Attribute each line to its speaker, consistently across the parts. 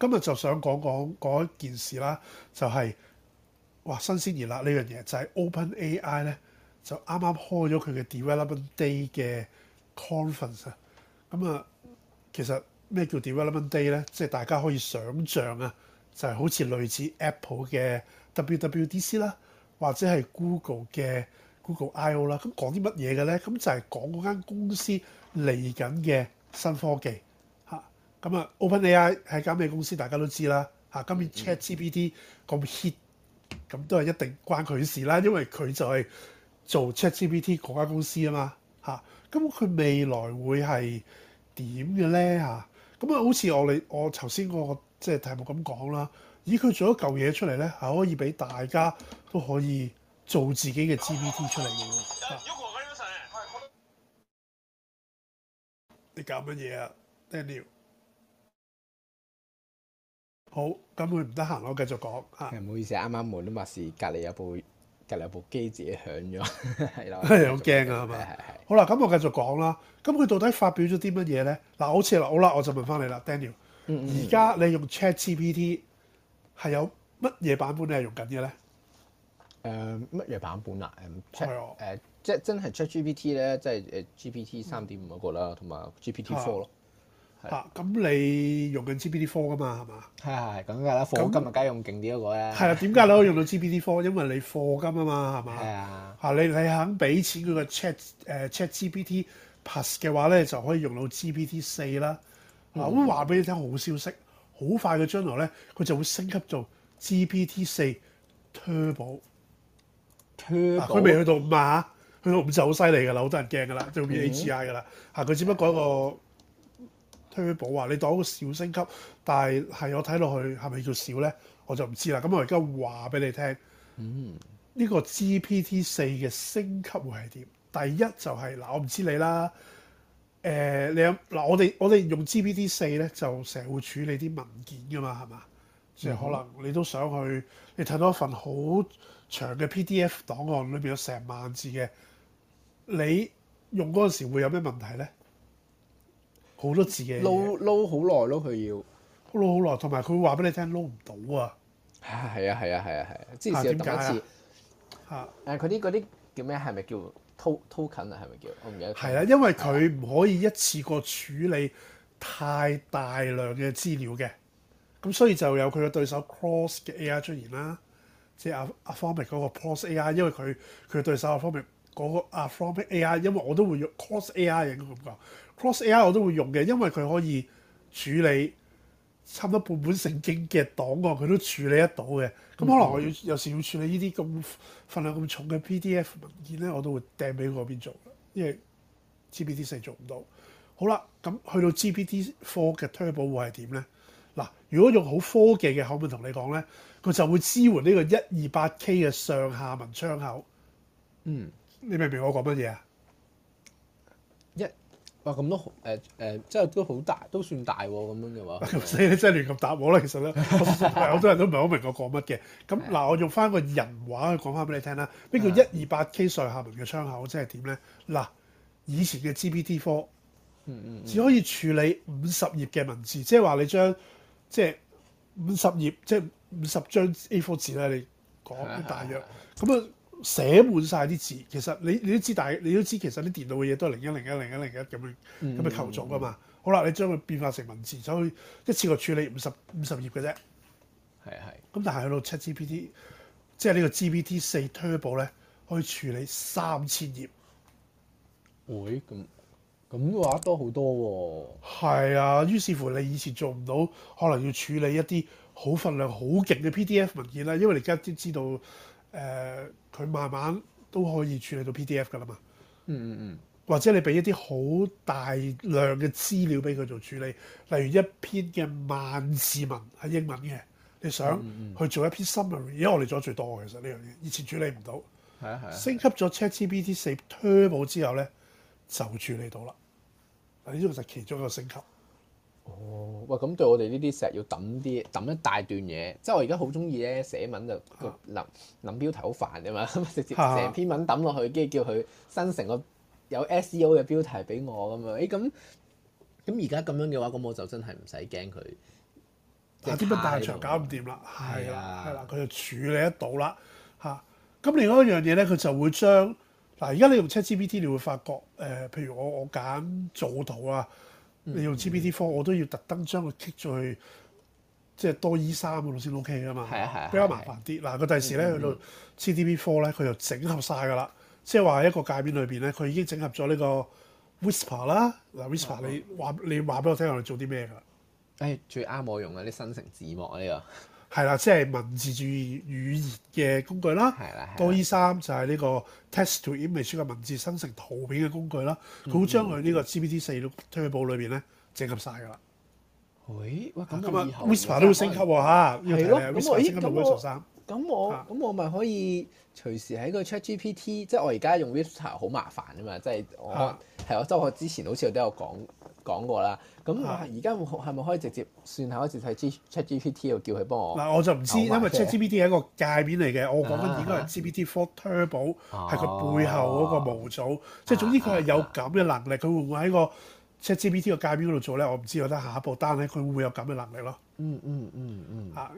Speaker 1: 今日就想講講講一件事啦，就係哇新鮮熱辣呢樣嘢、啊啊，就係 Open AI 咧就啱啱開咗佢嘅 Development Day 嘅 Conference 啊！咁啊，其實咩叫 Development Day 咧？即係大家可以想像啊，就係好似類似 Apple 嘅 WWDC 啦，或者係 Google 嘅 Google I/O 啦。咁講啲乜嘢嘅咧？咁就係講嗰間公司嚟緊嘅新科技。咁啊，OpenAI 係間咩公司？大家都知啦嚇、啊。今年 ChatGPT 咁 hit 咁都係一定關佢事啦，因為佢就係做 ChatGPT 嗰間公司嘛啊嘛嚇。咁佢未來會係點嘅咧嚇？咁啊，好似我哋我頭先嗰個即係、就是、題目咁講啦。咦，佢做咗嚿嘢出嚟咧，係可以俾大家都可以做自己嘅 GPT 出嚟嘅、啊。你搞乜嘢啊？Daniel
Speaker 2: 好，咁佢唔得閒，我繼續講嚇。唔好意思，啱啱門都默時，隔離有部隔離有部機自己響咗，
Speaker 1: 係咯，好驚啊嘛。
Speaker 2: 好啦，咁我繼續講啦。咁佢到底發表咗啲乜嘢
Speaker 1: 咧？嗱，好似嗱，好啦，我就問翻你啦，Daniel，而家、mm hmm, 你用 Chat GPT
Speaker 2: 係有乜嘢版本你係用緊嘅咧？誒、呃，乜嘢版本啊？誒、um,，誒，即係真係 Chat GPT 咧，即係誒 GPT 三點五嗰個啦，同埋 GPT Four 咯。
Speaker 1: 嚇，咁你用緊 GPT four 噶嘛，係嘛？係係係梗噶啦，課金啊梗
Speaker 2: 係用勁啲嗰個咧。係啊，
Speaker 1: 點解你可以用到 GPT four？因為你課金啊嘛，係嘛？係的啊。嚇，你你肯俾錢佢個 Chat 誒、uh, Chat GPT Plus 嘅話咧，就可以用到 GPT 四啦。我會話俾你聽好消息，好快嘅將來咧，佢就會升級做 GPT 四 Turbo。Turbo 佢未、啊、去到五啊，去到五就好犀利㗎啦，好多人驚㗎啦，做 AGI 㗎啦。嚇、啊、佢只不過一個。推保話你當一個小升級，但係係我睇落去係咪叫小咧，我就唔知啦。咁我而家話俾你聽，呢、嗯、個 GPT 四嘅升級會係點？第一就係、是、嗱，我唔知你啦。誒、呃，你有嗱，我哋我哋用 GPT 四咧，就成日會處理啲文件噶嘛，係嘛？即係可能你都想去，你睇到一份好長嘅 PDF 檔案，裏邊有成萬字嘅，你用嗰陣時會有咩問題咧？
Speaker 2: 好多次嘅撈
Speaker 1: 撈好耐咯，佢要撈好耐，同埋佢會話俾你聽撈唔到啊！係啊，係
Speaker 2: 啊，係啊，係啊，啊之前要等一次佢啲嗰啲叫咩？係咪叫 token 啊？係、啊、咪、啊、叫，叫，叫？我唔記得。係
Speaker 1: 啦、啊，因為佢唔可以一次過處理太大量嘅資料嘅，咁、啊啊、所以就有佢嘅對手 Cross 嘅 AI 出現啦。即、就、係、是、阿阿 Formic 嗰個 Cross AI，因為佢佢對手阿 Formic 嗰個阿 Formic AI，因為我都會用 Cross AI 應該咁講。p r o s AI 我都會用嘅，因為佢可以處理差唔多半本聖經嘅檔案，佢都處理得到嘅。咁可能我要、嗯、有時要處理呢啲咁份量咁重嘅 PDF 文件咧，我都會掟俾佢嗰邊做，因為 GPT 四做唔到。好啦，咁去到 GPT four 嘅 Turbo 會係點咧？嗱，如果用好科技嘅口吻同你講咧，佢就會支援呢個一二八 K 嘅上下文窗口。嗯，你明唔明我講乜嘢啊？
Speaker 2: 咁、哦、都誒誒，即、呃、係、呃、都好大，都算大喎、哦、咁樣嘅話，所以 你
Speaker 1: 真亂咁答我啦。其實咧，好 多人都唔係好明我講乜嘅。咁嗱， 我用翻個人話去講翻俾你聽啦。咩叫一二八 K 上下文嘅窗口即係點咧？嗱，以前嘅 GPT Four，嗯嗯，只可以處理五十頁嘅文字， 即係話你將即係五十頁即係五十張 A4 紙咧，你講大約咁啊。 寫滿晒啲字，其實你你都知，但係你都知，其實啲電腦嘅嘢都係零一零一零一零一咁樣咁、嗯、樣求助啊嘛。好啦，你將佢變化成文字，就可以一次過處理五十五十頁嘅啫。係啊係。咁但係去到七 GPT，即係呢個 GPT 四 Turbo 咧，可以處理三千頁。
Speaker 2: 會咁咁嘅話多好多喎、
Speaker 1: 啊？係啊，於是乎你以前做唔到，可能要處理一啲好份量、好勁嘅 PDF 文件啦，因為你而家知知道。誒，佢、uh, 慢慢都可以處理到 PDF 㗎啦嘛。嗯嗯嗯。Hmm. 或者你俾一啲好大量嘅資料俾佢做處理，例如一篇嘅萬字文係英文嘅，你想去做一篇 summary，因為我哋做得最多其實呢樣嘢，以前處理唔到。係啊，係，升級咗 ChatGPT 四 Turbo 之後咧，就處理到啦。呢個就係其中
Speaker 2: 一個升級。哦，喂，咁對我哋呢啲成日要揼啲揼一大段嘢，即係我而家好中意咧寫文就諗諗、啊、標題好煩㗎嘛，直接成篇文揼落去，跟住叫佢生成個有 SEO 嘅標題俾我咁、哎、樣，誒咁咁而家咁樣嘅話，咁我就真係唔使驚佢嗱，啲筆、啊、大場搞唔掂啦，係啦、啊，係啦、啊，佢、啊、就處理得到啦，吓、
Speaker 1: 啊，咁另外一樣嘢咧，佢就會將嗱，而家你用 ChatGPT，你會發覺誒、呃，譬如我我揀做圖啊。你用 GPT Four，我都要特登將佢 kick 咗去，即係多依三度先 OK 㗎嘛。係啊
Speaker 2: 係，啊啊比較麻
Speaker 1: 煩啲。嗱、啊，個第時咧去到 GPT Four 咧，佢就整合晒㗎啦。即係話一個界面裏邊咧，佢已經整合咗呢個 Whisper 啦。嗱，Whisper、哦啊、你話你話俾我聽，我哋做啲咩㗎？誒、哎，最啱我用嘅，啲新城字幕呢、啊這個。係啦，即、就、係、是、文字主義語言嘅工具啦。係啦，啦 DALL-E 3就係呢個 text to image 嘅文字生成圖片嘅工具啦。佢、嗯、將佢呢個 GPT 四推去 Turbo 裏邊咧，整合晒㗎啦。
Speaker 2: 喂，咁啊，Whisper 都要升級啊嚇。係咯。咁、啊、我咁我咪可以隨時喺個 ChatGPT，即係我而家用 Whisper 好麻煩啊嘛，即係我係我，即係、啊、我之前好似都有聽講。講過啦，咁而家係咪可以直接算下開始睇 Chat GPT？又叫佢幫我嗱、啊，我就唔知，oh、my 因為 Chat GPT
Speaker 1: 係一個介面嚟嘅。我講緊點解係
Speaker 2: GPT Four Turbo 係佢、啊、背後
Speaker 1: 嗰個模組，啊、即係總之佢係有咁嘅能力。佢、啊啊、會唔會喺個 Chat GPT 個介面嗰度做咧？我唔知。我覺得下一步單咧，佢會有咁嘅能力咯。嗯嗯嗯嗯啊，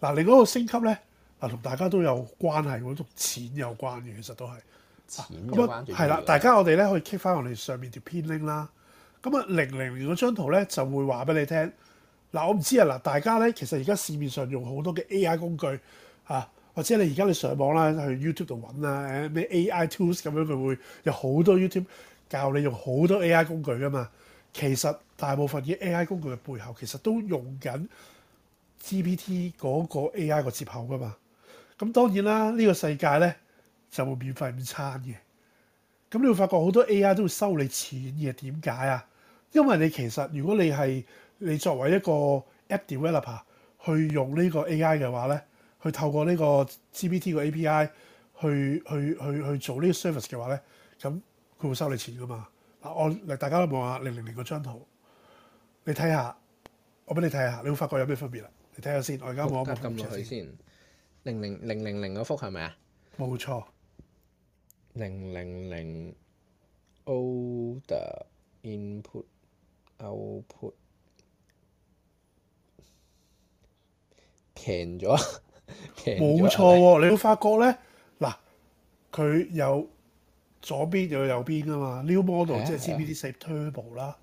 Speaker 1: 嗱，另外一個升級咧，嗱同大家都有關係，嗰同錢有關嘅，其實都係錢關係啦。係啦，啊、大家我哋咧可以 click 翻我哋上面條編 link 啦。咁、嗯、啊，零零年嗰張圖咧就會話俾你聽。嗱，我唔知啊。嗱，大家咧其實而家市面上用好多嘅 AI 工具啊，或者你而家你上網啦，去 YouTube 度揾啦，咩、啊、AI tools 咁樣，佢會有好多 YouTube 教你用好多 AI 工具噶嘛。其實大部分嘅 AI 工具嘅背後其實都用緊 GPT 嗰個 AI 個接口噶嘛。咁、啊、當然啦，呢、呢個世界咧就會免費午餐嘅。咁你會發覺好多 AI 都會收你錢嘅，點解啊？因為你其實，如果你係你作為一個 app developer 去用呢個 AI 嘅話咧，去透過呢個 GPT 個 API 去去去去做呢個 service 嘅話咧，咁佢會收你錢噶嘛？嗱，我大家都望下零零零嗰張圖，你睇下，我俾你睇下，你會發覺有咩分別啊？你睇下先，我而家冇一個撳落去
Speaker 2: 先，零零零零零嗰幅係咪啊？
Speaker 1: 冇錯，
Speaker 2: 零零零 older input。output 平咗，平冇 錯
Speaker 1: 喎！吧你會發覺咧，嗱，佢有左邊又有右邊㗎嘛？New model Turbo, Turbo，即係 GPT 四 Turbo 啦，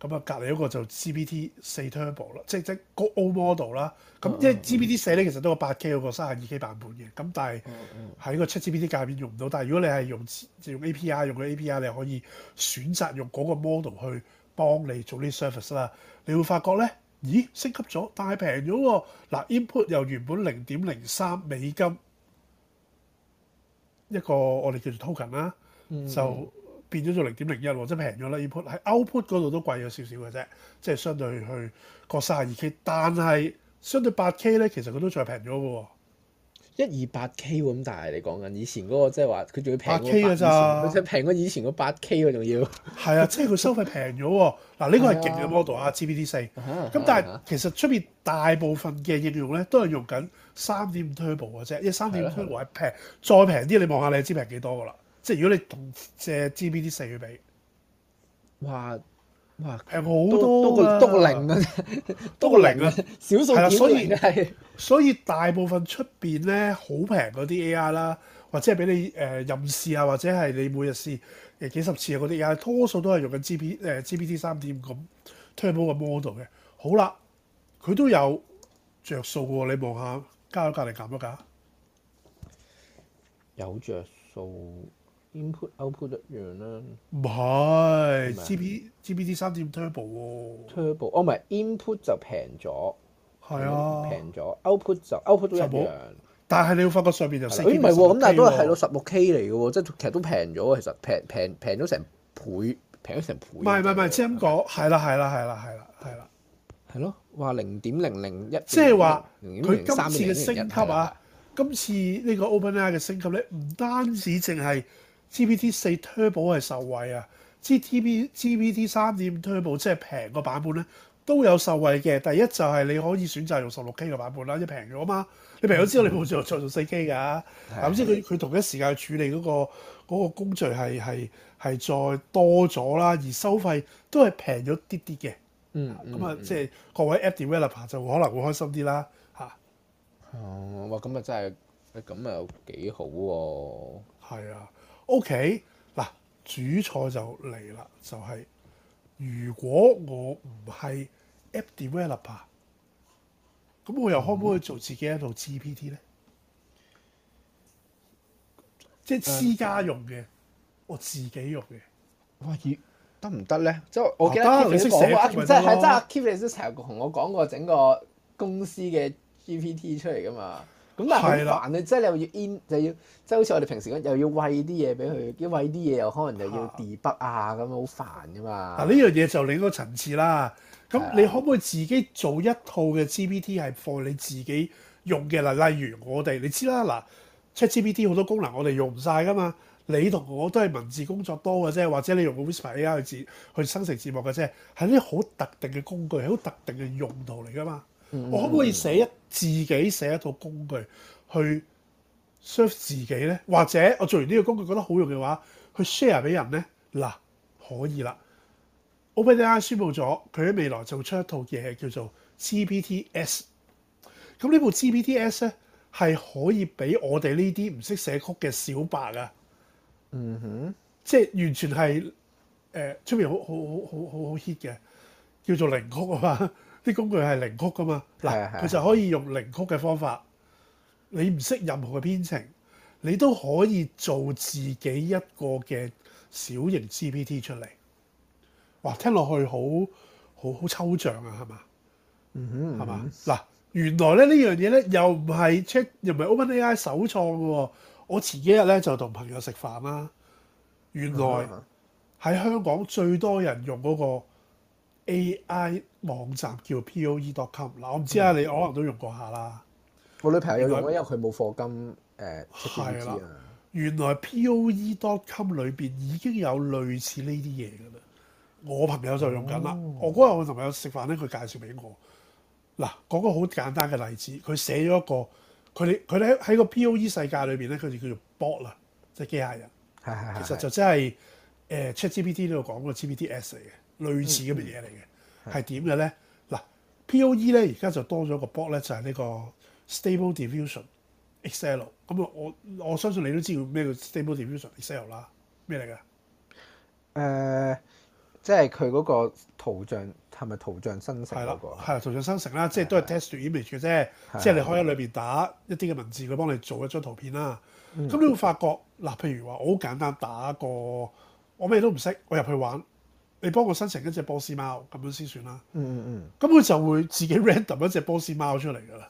Speaker 1: 咁啊隔離一個就 GPT 四 Turbo 啦，即即嗰 old model 啦。咁即係 GPT 四咧，拍攝其實都係八 K 嗰、嗰個三十二 K 版本嘅。咁但係喺個 ChatGPT 介面用唔到，但係如果你係用就用 API 用嘅 API 你可以選擇用嗰個 model 去。幫你做啲 service 啦，你會發覺咧，咦，升級咗，但係平咗喎。嗱、啊、，input 又原本零點零三美金一個，我哋叫做 token 啦、嗯，就變咗做零點零一喎，即係平咗啦。input 喺 output 嗰度都貴咗少少嘅啫，即係相對去過卅二 k，但係相對八 k 咧，其實佢都再
Speaker 2: 平咗嘅喎。一二八 K 咁大，但係，你講緊以前嗰個即係話佢仲要平八 K 㗎咋，佢仲平過以前個八 K 喎，仲要。
Speaker 1: 係啊，即係佢收費平咗喎。嗱，呢個係勁嘅 model 啊，GPT 四。咁但係其實出邊大部分嘅應用咧，都係用緊三點五 Turbo 嘅啫，因為三點五 Turbo 係平，再平啲，你望下你知平幾多㗎啦。即係如果你同借 GPT 四去比，哇！ 誒好多啦、啊，多個零啊，
Speaker 2: 多個零啊，零啊，小數點嚟嘅，
Speaker 1: 所以大部分出邊咧好平嗰啲 AI 啦，或者係俾你誒、呃、任試啊，或者係你每日試誒幾十次啊嗰啲，AI 係多數都係用緊、呃、G.P. 誒 G.P.T. 三點五咁 Turbo 嘅 model 嘅。好啦，佢都有着數喎，你望下加咗隔定減一價，
Speaker 2: 有着數。input output 一樣啦，唔係，G P G P T 三點 turbo 喎，turbo，哦唔係 input 就平咗，係啊，平咗，output 就 output 都一樣，
Speaker 1: 但係你要發覺上邊就升，咦唔係喎，咁但係都係到
Speaker 2: 十六 K 嚟嘅喎，即係其實都平咗啊，其實平平平咗成倍，平咗成倍，唔係
Speaker 1: 唔係唔係即咁講係啦係啦係啦係啦係啦，係咯，話零點零零一，即係話佢今次嘅升級啊，今次呢個 OpenAI 嘅升級咧，唔單止淨係。GPT 四 Turbo 係受惠啊！GPT GPT 三點五 Turbo 即係平個版本咧，都有受惠嘅。第一就係你可以選擇用十六 K 嘅版本啦，即係平咗啊嘛。你平咗之後你冇再在做四、嗯、K 㗎、啊，咁的、啊、即佢佢同一時間去處理嗰、嗰個嗰個工序係係係再多咗啦，而收費都係平咗啲啲嘅。
Speaker 2: 嗯，咁啊，即係
Speaker 1: 各位 app developer 就可能會開心啲啦吓，哦、啊
Speaker 2: 嗯，哇！咁啊真係，咁啊幾好喎。係啊。O.K. 嗱，主菜就嚟啦，就係、
Speaker 1: 是、如果我唔係 App Developer，咁我又可唔可以做自己一套 GPT 咧？嗯、即私家用嘅，嗯、我自己用嘅，哇、嗯！而得唔得咧？即我記得 Keep 你都講過，啊、即係真係
Speaker 2: Keep、啊、你都成日同我講過整個公司嘅 GPT 出嚟噶嘛？咁但係好煩啊！的即係又要 in 就要，即係好似我哋平時咁，又要餵啲嘢俾佢，要餵啲嘢又可能又要 debug 啊，咁好煩噶嘛！嗱
Speaker 1: 呢樣嘢就另一個層次啦。咁的你可唔可以自己做一套嘅 GPT 係放你自己用嘅嗱？例如我哋你知啦，嗱 ChatGPT 好多功能我哋用唔晒噶嘛。你同我都係文字工作多嘅啫，或者你用個 Whisper AI 去字去生成字幕嘅啫，係啲好特定嘅工具，係好特定嘅用途嚟噶嘛。我可唔可以寫一自己寫一套工具去 serve 自己咧？或者我做完呢個工具覺得好用嘅話，去 share 俾人咧？嗱，可以啦。OpenAI 宣佈咗佢喺未來就出一套嘢叫做 GPTs。咁呢部 GPTs 咧係可以俾我哋呢啲唔識寫曲嘅小白啊。嗯哼、mm，hmm。即係完全係誒出面好好好好好好 hit 嘅，叫做零曲啊嘛～啲工具係零曲㗎嘛？嗱，佢就可以用零曲嘅方法，你唔識任何嘅編程，你都可以做自己一個嘅小型 GPT 出嚟。哇！聽落去好好好抽象啊，係嘛？嗯哼、mm，係、hmm. 嘛？嗱，原來咧呢樣嘢咧又唔係 check，又唔係 OpenAI 首創嘅、哦。我前幾日咧就同朋友食飯啦，原來喺、mm hmm. 香港最多人用嗰、那個。A.I. 網站叫 P.O.E. dot com 嗱，我唔知啊，嗯、你可能都用過下啦。
Speaker 2: 我女朋友用啊，因為佢冇貨金誒出邊啦。
Speaker 1: 原來 P.O.E. dot com 裏邊已經有類似呢啲嘢㗎啦。我朋友就用緊啦。哦、我嗰日我同朋友食飯咧，佢介紹俾我。嗱，講個好簡單嘅例子，佢寫咗一個佢哋佢咧喺個 P.O.E. 世界裏邊咧，佢哋叫做 bot 啦，即係機械人。係係的其實就真係誒 ChatGPT 呢個講嘅 GPTs 嚟嘅。類似咁嘅嘢嚟嘅，係點嘅咧？嗱，POE 咧而家就多咗個 block 咧，就係、是、呢個 Stable Diffusion XL。咁啊，我我相信你都知道咩叫 Stable Diffusion XL 啦。
Speaker 2: 咩嚟嘅？誒、呃，即係佢嗰個圖像係咪圖像生成嗰、那個？係啊，圖像生成啦，即係都係 text to image 嘅啫。
Speaker 1: 即係你可以喺裏邊打一啲嘅文字，佢幫你做一張圖片啦。咁、嗯、你會發覺嗱，譬如話我好簡單打個我咩都唔識，我入去玩。你幫佢生成一隻波斯貓咁樣先算啦。嗯嗯嗯，咁佢就會自己 random 一隻波斯貓出嚟㗎啦。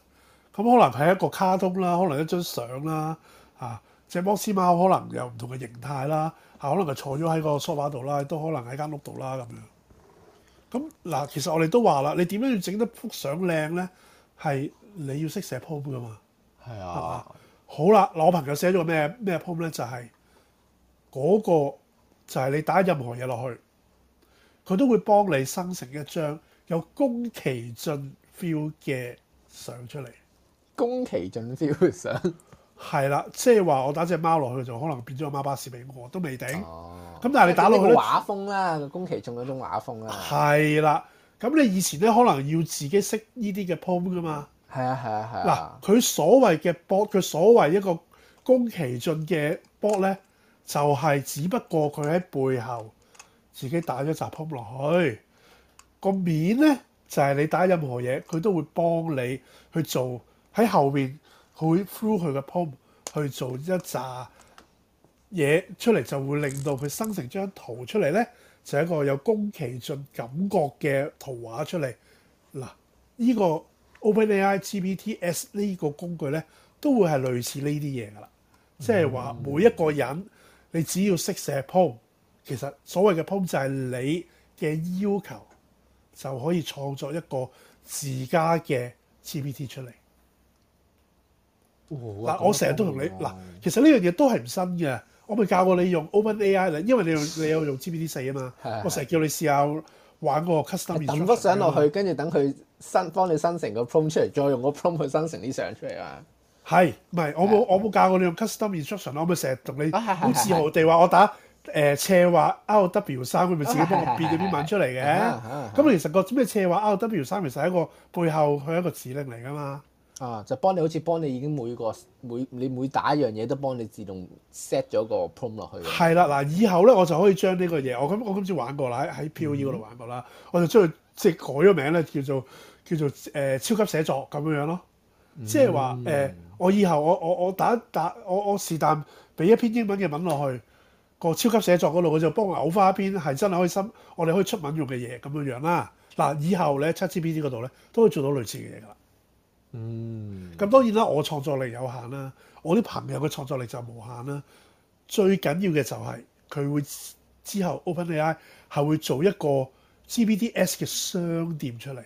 Speaker 1: 咁可能係一個卡通啦，可能一張相啦。啊，隻波斯貓可能有唔同嘅形態啦，啊，可能係坐咗喺個梳化度啦，都可能喺間屋度啦咁樣。咁嗱、啊，其實我哋都話啦，你點樣要整得幅相靚咧？係你要識寫 prompt 㗎嘛？係啊。啊好啦，我朋友寫咗個咩咩 prompt 咧？就係、是、嗰個就係你打任何嘢落去。佢都會幫你生成一張有宮崎駿 feel 嘅相出嚟。宮崎駿 feel 嘅相係啦，即係話我打隻貓落去就可能變咗個貓巴士俾我，都未定。哦，咁但係你打落去咧，畫
Speaker 2: 風啦，宮崎駿嗰種畫風啦。
Speaker 1: 係啦，咁你以前咧可能要自己識呢啲嘅 poem 噶嘛。
Speaker 2: 係啊，係啊，係啊。嗱，
Speaker 1: 佢所謂嘅波，佢所謂一個宮崎駿嘅波咧，就係、係、只不過佢喺背後。自己打一紮 prompt 落去，個面咧就係你打任何嘢，佢都會幫你去做。喺後面佢會 through 佢嘅 prompt 去做一紮嘢出嚟，就會令到佢生成張圖出嚟咧，就係一個有宮崎駿感覺嘅圖畫出嚟。嗱，呢個 OpenAI GPTs 呢個工具咧，都會係類似呢啲嘢噶啦，即係話每一個人你只要識寫 prompt 其實所謂嘅 prompt 就係你嘅要求就可以創作一個自家嘅 GPT 出嚟。嗱，我成日都同你嗱，其實呢樣嘢都係唔新嘅。我咪教過你用
Speaker 2: OpenAI 咧，因為你你有用 GPT 四啊嘛。我成日叫你試下玩個 custom。抌幅相落去，跟住等佢新幫你生成個 prompt 出嚟，再用個 prompt 去生成啲相出嚟啊。係，唔係我冇我冇教過你用 custom instruction 我咪成日同你好自豪地話我
Speaker 1: 打。誒，寫話 LW 三，佢咪自己幫我編咗啲文出嚟嘅。咁、啊啊、其實個咩寫話 LW 三，其實係一個背後佢係一個指令嚟噶嘛。
Speaker 2: 啊，就幫你好似幫你已經每個每你每打一樣嘢，都幫你自動 set 咗個 prompt 落去。係
Speaker 1: 啦，嗱，以後咧，我就可以將呢個嘢，我咁我今次玩過啦，喺 POE 嗰度玩過啦，嗯、我就將佢即係改咗名咧，叫做叫做誒、呃、超級寫作咁樣樣咯。即係話誒，我以後我我我打打我我是但俾一篇英文嘅文落去。個超級寫作嗰度，佢就幫我嘔花一篇，係真係開心。我哋可以出文用嘅嘢咁樣樣啦。嗱，以後咧，七 GPT 嗰度咧，都可以做到類似嘅嘢噶啦。嗯，咁當然啦，我創作力有限啦，我啲朋友嘅創作力就無限啦。最緊要嘅就係，佢會之後 OpenAI 係會做一個 GPTs 嘅商店出嚟。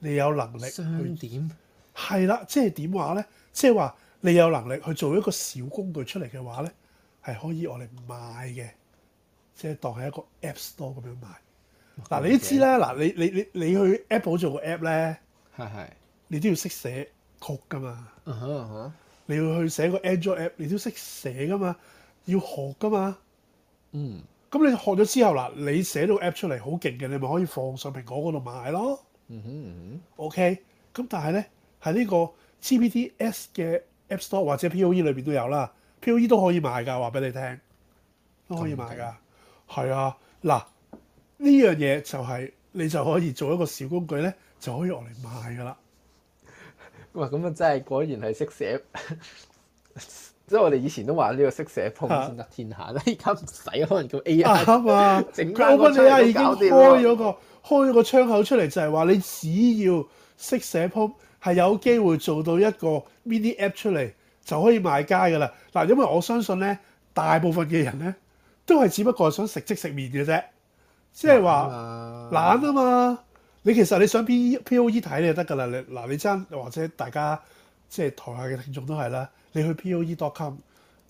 Speaker 1: 你有能力去商店係啦，即係點話咧？即係話你有能力去做一個小工具出嚟嘅話咧？係可以我嚟買嘅，即係當係一個 App Store 咁樣買。嗱 Okay. 你都知啦，嗱你你你你去 Apple 做個 App 咧是，係係，你都要識寫曲㗎嘛。Uh huh. 你要去寫個 Android App，你都識寫㗎嘛，要學㗎嘛。嗯。咁你學咗之後啦，你寫到 App 出嚟好勁嘅，你咪可以放上蘋果嗰度買咯。嗯哼、
Speaker 2: mm hmm.
Speaker 1: OK，咁但係咧，喺呢個 GPTs 嘅 App Store 或者 POE 裏邊都有啦。P.E. 都可以買噶，話俾你聽，都可以買噶，係啊！嗱，呢樣嘢就係、是、你就可以做一個小工具咧，就可以用嚟賣噶啦。
Speaker 2: 哇！咁啊，真係果然係識寫， 即係我哋以前都話呢個識寫 program 先得天下啦。而家唔使，可能叫 A.I. 啊嘛，整個、啊、A.I. 已經開咗
Speaker 1: 個開咗個窗口出嚟，就係、是、話你只要識寫 program 係有機會做到一個 mini app 出嚟。就可以賣街噶啦！嗱，因為我相信咧，大部分嘅人咧都係只不過係想食即食麪嘅啫，即係話懶啊懶嘛！你其實你想 P P O E 睇你就得噶啦！你嗱，你真或者大家即係台下嘅聽眾都係啦，你去 P O E dot com，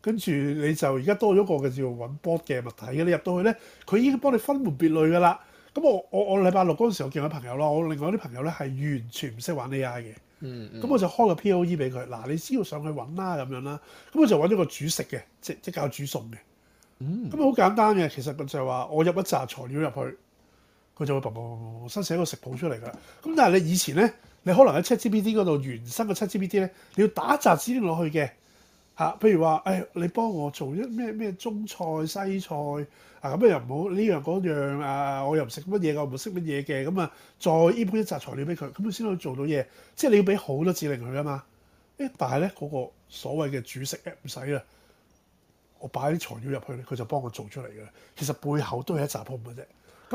Speaker 1: 跟住你就而家多咗個叫揾波嘅物體嘅，你入到去咧，佢已經幫你分門別類噶啦。咁我我我禮拜六嗰陣時候我見我朋友咯，我另外啲朋友咧係完全唔識玩 AI 嘅。嗯，咁、嗯、我就開個 POE 俾佢，嗱，你先要上去揾啦咁樣啦、啊，咁我就揾咗個煮食嘅，即即教煮餸嘅，咁啊好簡單嘅，其實就係話我入一紮材料入去，佢就會嘣嘣嘣嘣，生成一個食譜出嚟㗎。咁但係你以前咧，你可能喺 ChatGPT 嗰度原生嘅 ChatGPT 咧，你要打一紮資料落去嘅。嚇，譬如話，啊，誒、哎，你幫我做一咩咩中菜西菜啊咁啊又唔好呢樣嗰樣啊，我又唔食乜嘢㗎，唔識乜嘢嘅咁啊，再依搬一紮材料俾佢，咁佢先可以做到嘢。即係你要俾好多指令佢㗎嘛？誒，但係咧嗰個所謂嘅煮食 app 唔使啦，我擺啲材料入去咧，佢就幫我做出嚟㗎啦。其實背後都係一紮 prompt 嘅啫。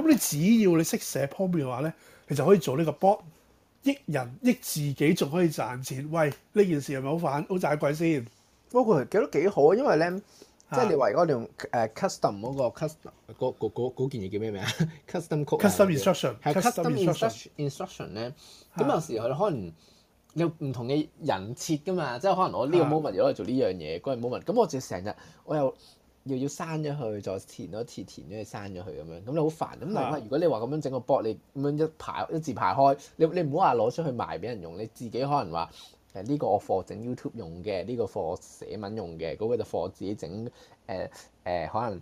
Speaker 1: 咁你只要你識寫 prompt 嘅話咧，你就可以做呢個 bot，益人益自己，仲可以賺錢。喂，呢件事係咪好反好賺鬼先？不過係幾多幾好啊，因為咧，即係你話
Speaker 2: 而家用誒 custom 嗰個 custom 嗰件嘢叫咩名 custom code，custom instruction，係 custom instruction 咧。咁有時佢可能有唔同嘅人設噶嘛，即係可能我呢個 moment 如攞嚟做呢樣嘢，嗰個 moment 咁我就成日我又又要刪咗佢，再填多次，填咗去刪咗佢咁樣，咁你好煩。咁但係如果你話咁樣整個 board 嚟咁樣一排一字排開，你你唔好話攞出去賣俾人用，你自己可能話。誒呢個課整 YouTube 用嘅，呢、這個課寫文用嘅，嗰、那個就課自己整誒誒可能誒誒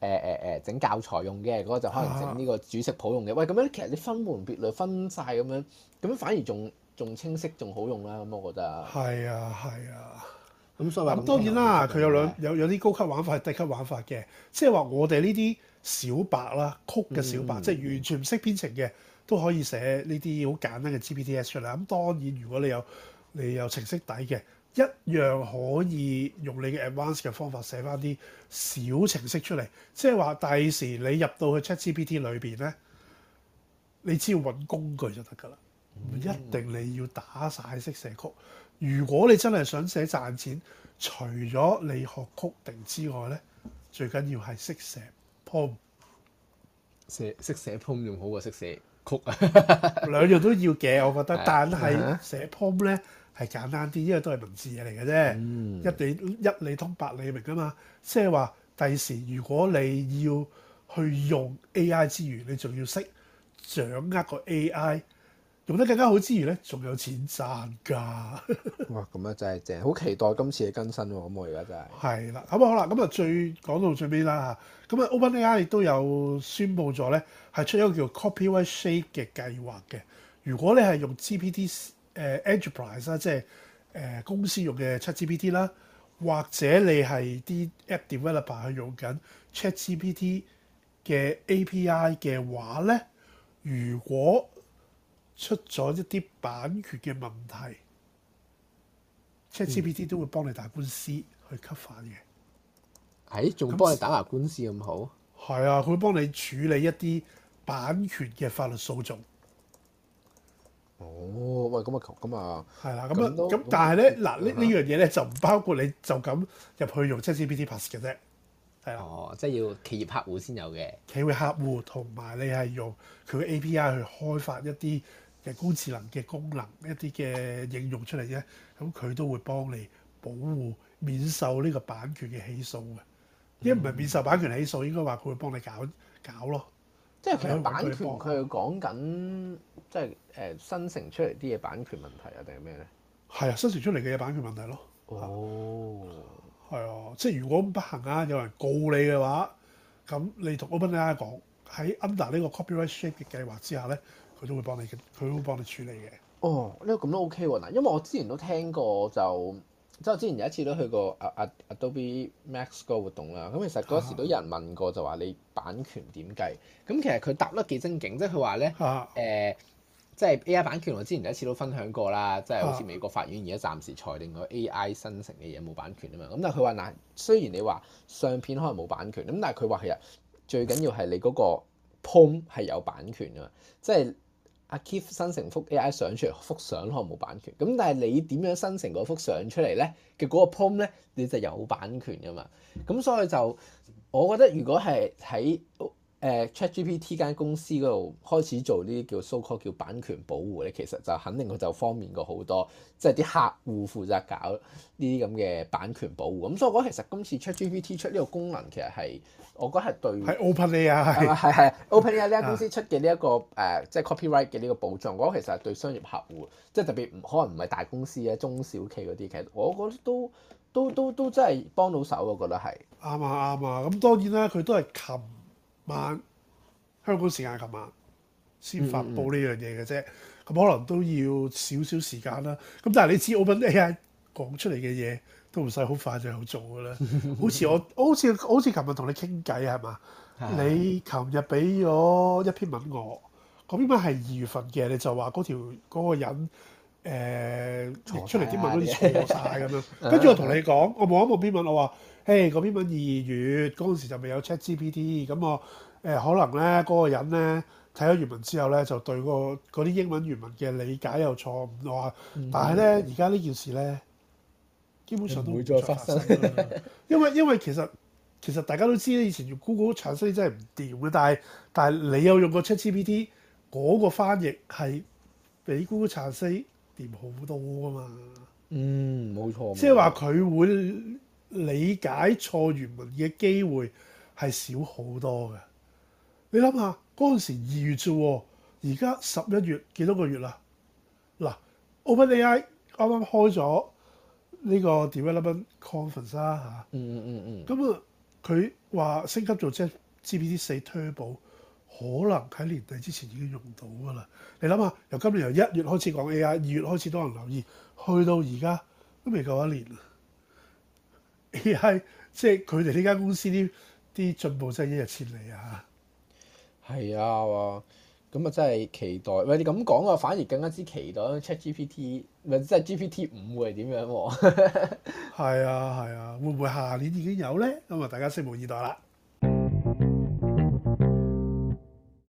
Speaker 2: 誒整教材用嘅，嗰、那個就可能整呢個煮食譜用嘅。啊、喂，咁樣其實你分門別類分晒咁樣，咁反而仲仲清晰，仲好用啦。咁我覺得
Speaker 1: 係啊，係啊，咁、嗯、
Speaker 2: 所以話咁當然啦，佢有兩
Speaker 1: 有有啲高級玩法係低級玩法嘅，即係話我哋呢啲小白啦，曲嘅小白，小白嗯、即係完全唔識編程嘅，都可以寫呢啲好簡單嘅 GPTs 出嚟。咁當然如果你有。你有程式底嘅，一樣可以用你嘅 advanced 嘅方法寫翻啲小程式出嚟，即係話第時你入到去 ChatGPT 裏邊咧，你只要揾工具就得㗎啦，唔、嗯、一定你要打晒識寫 code。如果你真係想寫賺錢，除咗你學 coding 之外咧，最緊要係識寫 prompt。
Speaker 2: 寫識寫 prompt 仲好過識
Speaker 1: 寫。曲啊，兩樣 都要嘅，我覺得。 但係寫 poem 咧係簡單啲，因為都係文字嘢嚟嘅啫，一理通百理，明㗎嘛。即係話第時如果你要去用 AI 之餘，你仲要識掌握個 AI。用得更加好之餘咧，仲有錢賺
Speaker 2: 㗎！ 哇，咁啊真係正，好期待今次嘅更新喎！咁我而家真係係啦，咁唔好啦？咁啊最
Speaker 1: 講到最尾啦嚇，咁啊 OpenAI 亦都有宣布咗咧，係出一個叫 Copyright Shield 嘅計劃嘅。如果你係用 GPT 誒、呃、Enterprise 啦、啊，即係誒、呃、公司用嘅 ChatGPT 啦、啊，或者你係啲 App developer 去用緊 ChatGPT 嘅 API 嘅話咧、啊，如果出咗一啲版權嘅問題，ChatGPT 都會幫你打官司去吸反嘅。係，仲幫你打下官司咁好？係啊、嗯，佢會幫你處理一啲版權嘅法律訴訟。
Speaker 2: 哦，喂，咁啊，咁啊，係、嗯、啦，咁啊，咁但係咧，
Speaker 1: 嗱呢呢樣嘢咧就唔包括你就咁入去用 ChatGPT pass 嘅啫。
Speaker 2: 係啦、哦，即係要企業客戶先有嘅
Speaker 1: 企業客戶，同埋你係用佢嘅 API 去開發一啲。人工智能嘅功能一啲嘅應用出嚟啫，咁佢都會幫你保護免受呢個版權嘅起訴嘅。應該唔係免受版權起訴，應該話佢會幫你搞搞咯。即係其
Speaker 2: 實版權佢講緊，即係誒生成出嚟啲嘢版權問題啊，定係咩咧？
Speaker 1: 係啊，生成出嚟嘅嘢版權問題咯。哦，係啊，啊，即係如果不行啊，有人告你嘅話，咁你同 OpenAI 講。喺 Under 呢個 Copyright Shield 嘅計劃之下咧，佢都會幫你，佢都會幫你處理嘅。
Speaker 2: 哦，呢個咁都 OK 喎。嗱，因為我之前都聽過就，就即係我之前有一次都去過阿阿 Adobe Max Go 活動啦。咁其實嗰時都有人問過，就話你版權點計？咁、啊、其實佢答得幾精景，即係佢話咧，誒、啊，即係、呃就是、AI 版權。我之前有一次都分享過啦，即、就、係、是、好似美國法院而家暫時裁定咗 AI 生成嘅嘢冇版權啊嘛。咁但係佢話嗱，雖然你話相片可能冇版權，咁但係佢話其實。最緊要係你嗰個 prompt 係有版權噶嘛，即係阿 Keith 生成幅 AI 相出嚟，幅相可能冇版權，咁但係你點樣生成嗰幅相出嚟咧嘅嗰個 prompt 咧，你就有版權噶嘛，咁所以就我覺得如果係喺誒、uh, ChatGPT 間公司嗰度開始做呢啲叫 so call 叫版權保護咧，其實就肯定佢就方便過好多，即係啲客戶負責搞呢啲咁嘅版權保護咁、嗯。所以我覺得其實今次 ChatGPT 出呢個功能其實係我覺得係對係 OpenAI 啊係係係 OpenAI 啊呢間公司出嘅呢一個誒即、uh, 係 copyright 嘅呢個保障，我覺得其實係對商業客戶即係特別唔可能唔係大公司啊，中小企嗰啲其實我覺得都都都都，都真係幫到手我覺得係啱啊啱
Speaker 1: 啊！咁、啊、當然啦，佢都係晚香港時間琴晚先發布呢樣嘢嘅啫，咁、嗯、可能都要少少時間啦。咁但係你知 OpenAI 講出嚟嘅嘢都唔使好快就有做嘅啦。 好似我，好似好似琴日同你傾偈係嘛？的你琴日俾咗一篇文我，嗰篇文係二月份嘅，你就話嗰條嗰、嗰個人。誒、呃、錯出嚟啲文好似錯晒咁樣，跟住我同你講，我望一望篇文，我話：誒個篇文二月嗰陣時就未有 ChatGPT，咁我誒、呃、可能咧嗰、那個人咧睇咗原文之後咧，就對個嗰啲英文原文嘅理解又錯誤咯。但係咧，而家呢件事咧，基本上都會再發生。發生 因為因為其實其實大家都知以前用 Google 產生真係唔掂嘅，但係但係你有用過 ChatGPT，嗰、那個翻譯係比 Google 產生。好多噶嘛，嗯，冇錯，即係話佢會理解錯原文嘅機會係少好多嘅。你諗下，嗰陣時二月啫，而家十一月幾多個月啦？嗱，OpenAI 啱啱開咗呢個 development conference 啦，嚇，嗯嗯嗯嗯，咁啊、嗯，佢話升級做即係 GPT 四 Turbo 可能喺年底之前已經用到㗎啦！你諗下，由今年由一月開始講 AI，二月開始多人留意，去到而家都未夠一年。AI 即係佢哋呢間公司啲啲進步真係一日千里啊！
Speaker 2: 係啊，哇！咁啊真係期待。喂，你咁講啊，反而更加之期待 ChatGPT，咪係即係 GPT 五會點樣喎？係 啊，係啊，會唔會下年已經有咧？咁啊，大家拭目
Speaker 1: 以待啦！